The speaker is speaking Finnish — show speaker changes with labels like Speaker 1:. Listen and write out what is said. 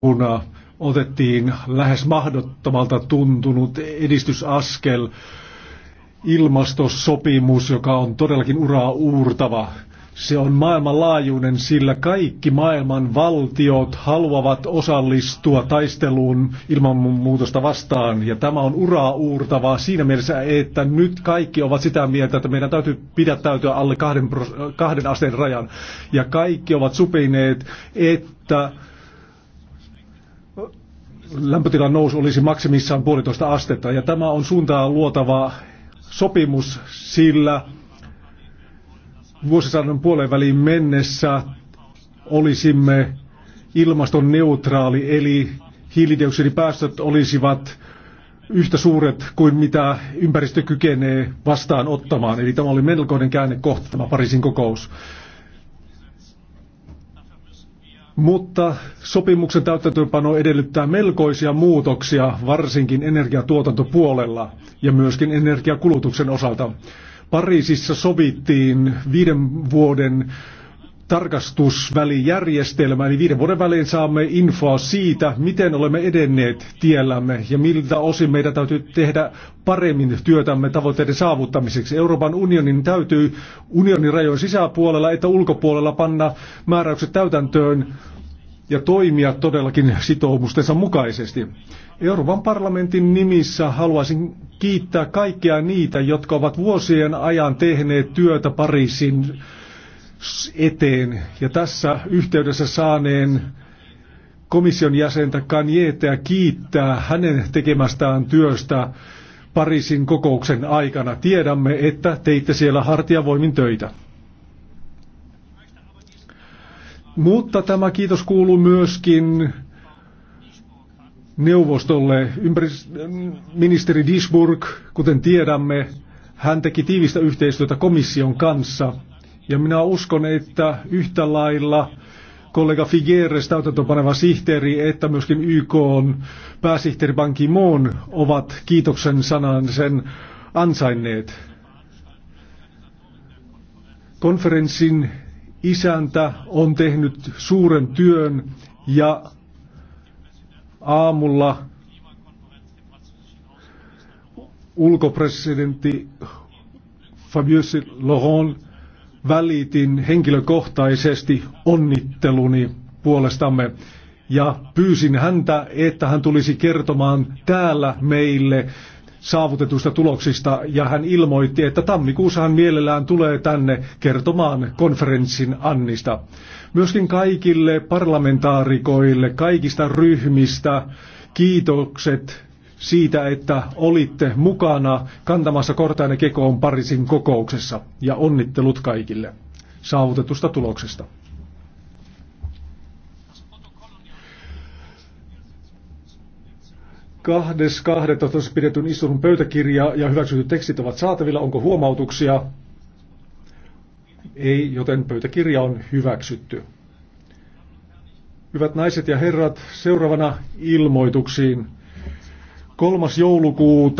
Speaker 1: kun äh, otettiin lähes mahdottomalta tuntunut edistysaskel ilmastosopimus, joka on todellakin uraa uurtava. Se on maailmanlaajuinen, sillä kaikki maailman valtiot haluavat osallistua taisteluun ilmanmuutosta vastaan. Ja tämä on uraa uurtavaa siinä mielessä, että nyt kaikki ovat sitä mieltä, että meidän täytyy pidättäytyä alle kahden, kahden asteen rajan. Ja kaikki ovat supineet, että lämpötilan nousu olisi maksimissaan puolitoista astetta. Ja tämä on suuntaa luotava sopimus, sillä vuosisadan puolen väliin mennessä olisimme ilmastoneutraali, eli hiilidioksidipäästöt olisivat yhtä suuret kuin mitä ympäristö kykenee vastaan ottamaan. Eli tämä oli melkoinen käännekohta tämä Pariisin kokous mutta sopimuksen täytäntöönpano edellyttää melkoisia muutoksia, varsinkin energiatuotantopuolella ja myöskin energiakulutuksen osalta. Pariisissa sovittiin viiden vuoden tarkastusvälijärjestelmä, eli viiden vuoden välein saamme infoa siitä, miten olemme edenneet tiellämme ja miltä osin meidän täytyy tehdä paremmin työtämme tavoitteiden saavuttamiseksi. Euroopan unionin täytyy unionin rajojen sisäpuolella että ulkopuolella panna määräykset täytäntöön ja toimia todellakin sitoumustensa mukaisesti. Euroopan parlamentin nimissä haluaisin kiittää kaikkia niitä, jotka ovat vuosien ajan tehneet työtä Pariisin eteen. Ja tässä yhteydessä saaneen komission jäsentä Kanjeetea kiittää hänen tekemästään työstä Pariisin kokouksen aikana. Tiedämme, että teitte siellä hartiavoimin töitä. Mutta tämä kiitos kuuluu myöskin neuvostolle. ministeri Disburg, kuten tiedämme, hän teki tiivistä yhteistyötä komission kanssa – ja minä uskon, että yhtä lailla kollega Figueres, täytäntöpaneva sihteeri, että myöskin YK on pääsihteeri Ban ki ovat kiitoksen sanan sen ansainneet. Konferenssin isäntä on tehnyt suuren työn ja aamulla ulkopresidentti Fabius Laurent välitin henkilökohtaisesti onnitteluni puolestamme ja pyysin häntä, että hän tulisi kertomaan täällä meille saavutetuista tuloksista ja hän ilmoitti, että tammikuussa hän mielellään tulee tänne kertomaan konferenssin Annista. Myöskin kaikille parlamentaarikoille, kaikista ryhmistä, kiitokset siitä, että olitte mukana kantamassa kortainen kekoon Pariisin kokouksessa ja onnittelut kaikille saavutetusta tuloksesta. Kahdes 2.12. pidetyn istunnon pöytäkirja ja hyväksytyt tekstit ovat saatavilla. Onko huomautuksia? Ei, joten pöytäkirja on hyväksytty. Hyvät naiset ja herrat, seuraavana ilmoituksiin. 3. joulukuuta